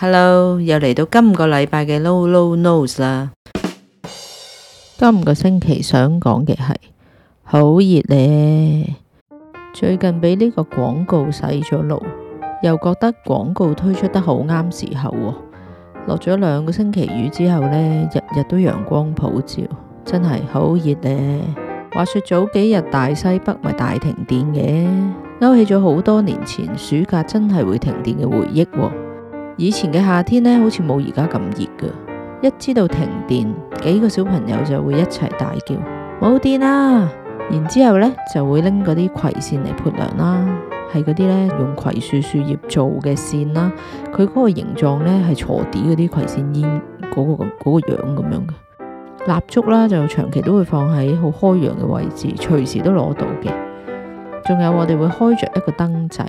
Hello，又嚟到今個禮拜嘅 Low Low News 啦。今個星期想講嘅係好熱呢，最近俾呢個廣告洗咗腦，又覺得廣告推出得好啱時候。落咗兩個星期雨之後呢，日日都陽光普照，真係好熱呢。話說早幾日大西北咪大停電嘅，勾起咗好多年前暑假真係會停電嘅回憶喎。以前嘅夏天呢，好似冇而家咁熱噶。一知道停電，幾個小朋友就會一齊大叫冇電啦。然之後呢，就會拎嗰啲葵扇嚟撥涼啦，係嗰啲呢，用葵樹樹葉做嘅扇啦。佢嗰個形狀呢、那個，係鋤地嗰啲葵扇煙嗰個嗰個樣咁樣嘅。蠟燭啦，就長期都會放喺好開揚嘅位置，隨時都攞到嘅。仲有我哋會開着一個燈仔，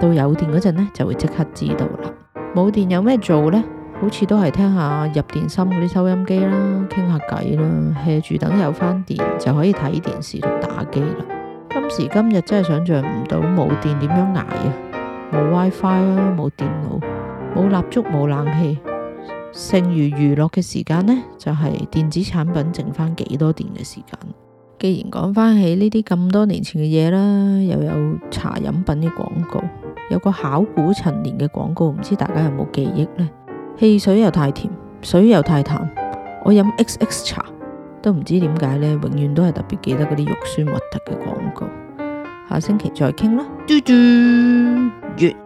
到有電嗰陣咧，就會即刻知道啦。冇電有咩做呢？好似都係聽下入電芯嗰啲收音機啦，傾下偈啦，hea 住等有返電就可以睇電視同打機啦。今時今日真係想象唔到冇電點樣捱啊！冇 WiFi 啦，冇、啊、電腦，冇蠟燭，冇冷氣。剩餘娛樂嘅時間呢，就係電子產品剩返幾多電嘅時間。既然講返起呢啲咁多年前嘅嘢啦，又有茶飲品嘅廣告，有個考古陳年嘅廣告，唔知大家有冇記憶呢？汽水又太甜，水又太淡，我飲 X X 茶都唔知點解呢，永遠都係特別記得嗰啲肉酸核突嘅廣告。下星期再傾啦，嘟嘟。